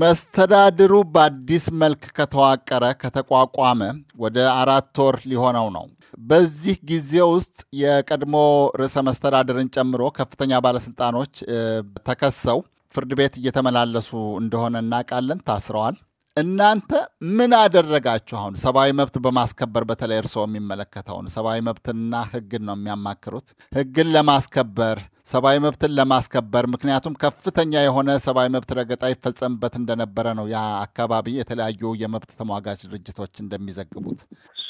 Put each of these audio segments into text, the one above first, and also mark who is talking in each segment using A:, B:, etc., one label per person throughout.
A: መስተዳድሩ በአዲስ መልክ ከተዋቀረ ከተቋቋመ ወደ አራት ወር ሊሆነው ነው። በዚህ ጊዜ ውስጥ የቀድሞ ርዕሰ መስተዳድርን ጨምሮ ከፍተኛ ባለስልጣኖች ተከሰው ፍርድ ቤት እየተመላለሱ እንደሆነ እናውቃለን። ታስረዋል። እናንተ ምን አደረጋችሁ? አሁን ሰብአዊ መብት በማስከበር በተለይ እርስዎ የሚመለከተውን ሰብአዊ መብትና ሕግን ነው የሚያማክሩት። ሕግን ለማስከበር ሰብአዊ መብትን ለማስከበር ምክንያቱም ከፍተኛ የሆነ ሰብአዊ መብት ረገጣ ይፈጸምበት እንደነበረ ነው ያ አካባቢ የተለያዩ የመብት ተሟጋች ድርጅቶች እንደሚዘግቡት።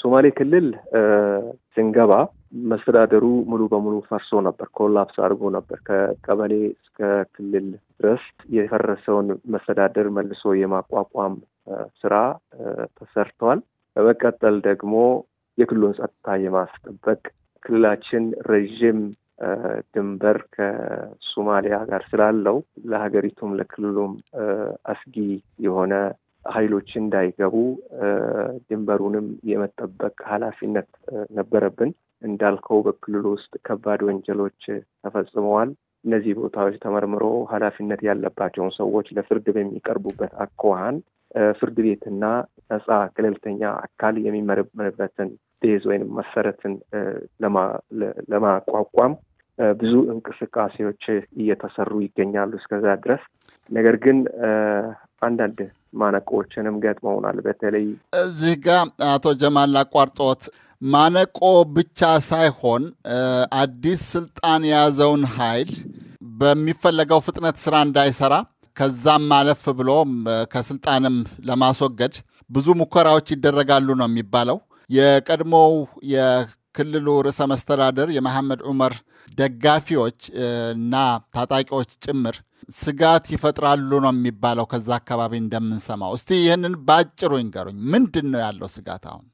B: ሶማሌ ክልል ስንገባ መስተዳደሩ ሙሉ በሙሉ ፈርሶ ነበር፣ ኮላፕስ አድርጎ ነበር። ከቀበሌ እስከ ክልል ድረስ የፈረሰውን መስተዳደር መልሶ የማቋቋም ስራ ተሰርቷል። በመቀጠል ደግሞ የክልሉን ጸጥታ የማስጠበቅ ክልላችን ረዥም ድንበር ከሶማሊያ ጋር ስላለው ለሀገሪቱም ለክልሉም አስጊ የሆነ ኃይሎች እንዳይገቡ ድንበሩንም የመጠበቅ ኃላፊነት ነበረብን። እንዳልከው በክልሉ ውስጥ ከባድ ወንጀሎች ተፈጽመዋል። እነዚህ ቦታዎች ተመርምሮ ኃላፊነት ያለባቸውን ሰዎች ለፍርድ በሚቀርቡበት አኳኋን ፍርድ ቤትና ነፃ ገለልተኛ አካል የሚመረምርበትን ቤዝ ወይም መሰረትን ለማቋቋም ብዙ እንቅስቃሴዎች እየተሰሩ ይገኛሉ እስከዛ ድረስ። ነገር ግን አንዳንድ ማነቆዎችንም ገጥመውናል። በተለይ
A: እዚህ ጋር አቶ ጀማል አቋርጦት ማነቆ ብቻ ሳይሆን አዲስ ስልጣን የያዘውን ኃይል በሚፈለገው ፍጥነት ስራ እንዳይሰራ ከዛም ማለፍ ብሎ ከስልጣንም ለማስወገድ ብዙ ሙከራዎች ይደረጋሉ ነው የሚባለው። የቀድሞው ክልሉ ርዕሰ መስተዳደር የመሐመድ ዑመር ደጋፊዎች እና ታጣቂዎች ጭምር ስጋት ይፈጥራሉ ነው የሚባለው። ከዛ አካባቢ እንደምንሰማው እስቲ ይህንን በአጭሩ ይንገሩኝ። ምንድን ነው ያለው ስጋት? አሁን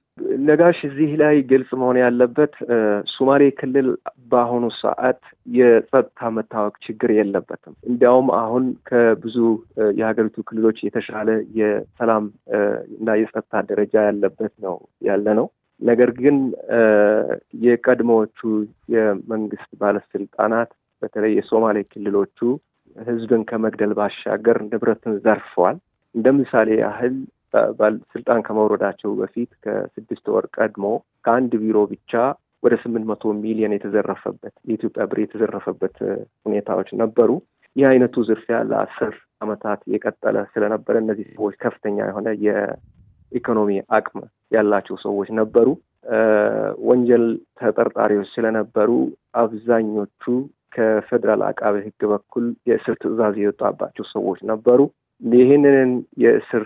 B: ነጋሽ፣ እዚህ ላይ ግልጽ መሆን ያለበት ሶማሌ ክልል በአሁኑ ሰዓት የጸጥታ መታወቅ ችግር የለበትም። እንዲያውም አሁን ከብዙ የሀገሪቱ ክልሎች የተሻለ የሰላም እና የጸጥታ ደረጃ ያለበት ነው ያለ ነው ነገር ግን የቀድሞዎቹ የመንግስት ባለስልጣናት በተለይ የሶማሌ ክልሎቹ ህዝብን ከመግደል ባሻገር ንብረትን ዘርፈዋል። እንደ ምሳሌ ያህል ስልጣን ከመውረዳቸው በፊት ከስድስት ወር ቀድሞ ከአንድ ቢሮ ብቻ ወደ ስምንት መቶ ሚሊዮን የተዘረፈበት የኢትዮጵያ ብር የተዘረፈበት ሁኔታዎች ነበሩ። ይህ አይነቱ ዝርፊያ ለአስር አመታት የቀጠለ ስለነበረ እነዚህ ሰዎች ከፍተኛ የሆነ ኢኮኖሚ አቅም ያላቸው ሰዎች ነበሩ። ወንጀል ተጠርጣሪዎች ስለነበሩ አብዛኞቹ ከፌዴራል አቃቤ ሕግ በኩል የእስር ትዕዛዝ የወጣባቸው ሰዎች ነበሩ። ይህንን የእስር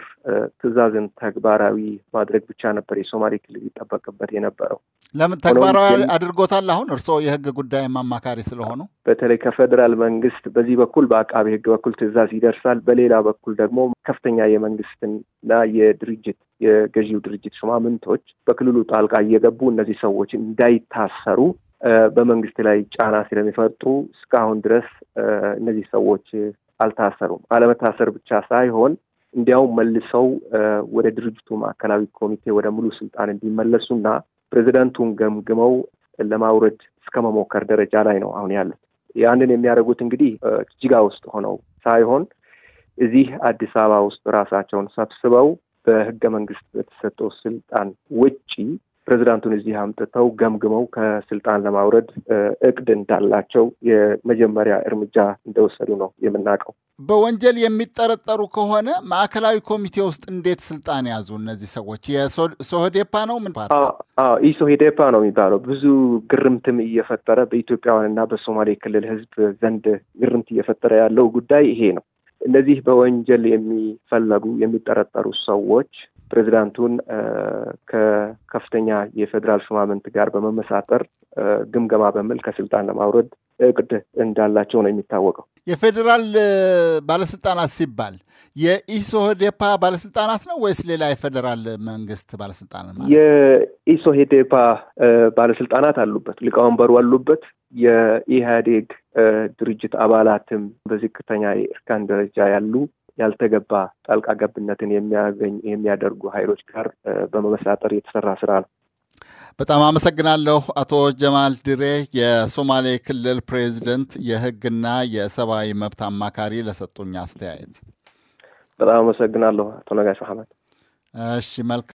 B: ትዕዛዝን ተግባራዊ ማድረግ ብቻ ነበር የሶማሌ ክልል ይጠበቅበት የነበረው። ለምን ተግባራዊ
A: አድርጎታል? አሁን እርስዎ የህግ ጉዳይ አማካሪ ስለሆኑ
B: በተለይ ከፌዴራል መንግስት በዚህ በኩል በአቃቢ ህግ በኩል ትዕዛዝ ይደርሳል። በሌላ በኩል ደግሞ ከፍተኛ የመንግስትና የድርጅት የገዢው ድርጅት ሹማምንቶች በክልሉ ጣልቃ እየገቡ እነዚህ ሰዎች እንዳይታሰሩ በመንግስት ላይ ጫና ስለሚፈጥሩ እስካሁን ድረስ እነዚህ ሰዎች አልታሰሩም። አለመታሰር ብቻ ሳይሆን እንዲያውም መልሰው ወደ ድርጅቱ ማዕከላዊ ኮሚቴ ወደ ሙሉ ስልጣን እንዲመለሱና ፕሬዚደንቱን ገምግመው ለማውረድ እስከ መሞከር ደረጃ ላይ ነው አሁን ያሉት። ያንን የሚያደርጉት እንግዲህ ጅጋ ውስጥ ሆነው ሳይሆን እዚህ አዲስ አበባ ውስጥ ራሳቸውን ሰብስበው በህገ መንግስት በተሰጠው ስልጣን ውጪ ፕሬዚዳንቱን እዚህ አምጥተው ገምግመው ከስልጣን ለማውረድ እቅድ እንዳላቸው የመጀመሪያ እርምጃ እንደወሰዱ ነው የምናውቀው።
A: በወንጀል የሚጠረጠሩ ከሆነ ማዕከላዊ ኮሚቴ ውስጥ እንዴት ስልጣን ያዙ? እነዚህ ሰዎች የሶህዴፓ ነው ምን
B: ኢሶሄዴፓ ነው የሚባለው። ብዙ ግርምትም እየፈጠረ በኢትዮጵያውያን እና በሶማሌ ክልል ሕዝብ ዘንድ ግርምት እየፈጠረ ያለው ጉዳይ ይሄ ነው። እነዚህ በወንጀል የሚፈለጉ የሚጠረጠሩ ሰዎች ፕሬዚዳንቱን ከከፍተኛ የፌዴራል ሹማምንት ጋር በመመሳጠር ግምገማ በሚል ከስልጣን ለማውረድ እቅድ እንዳላቸው ነው የሚታወቀው።
A: የፌዴራል ባለስልጣናት ሲባል የኢሶሄዴፓ ባለስልጣናት ነው ወይስ ሌላ የፌዴራል መንግስት ባለስልጣናት?
B: የኢሶሄዴፓ ባለስልጣናት አሉበት፣ ሊቀመንበሩ አሉበት። የኢህአዴግ ድርጅት አባላትም በዝቅተኛ የእርከን ደረጃ ያሉ ያልተገባ ጣልቃ ገብነትን የሚያገኝ የሚያደርጉ ኃይሎች ጋር በመመሳጠር የተሰራ ስራ ነው።
A: በጣም አመሰግናለሁ አቶ ጀማል ድሬ የሶማሌ ክልል ፕሬዚደንት፣ የህግና የሰብአዊ መብት አማካሪ ለሰጡኝ አስተያየት በጣም
B: አመሰግናለሁ አቶ ነጋሽ መሐመድ። እሺ መልካም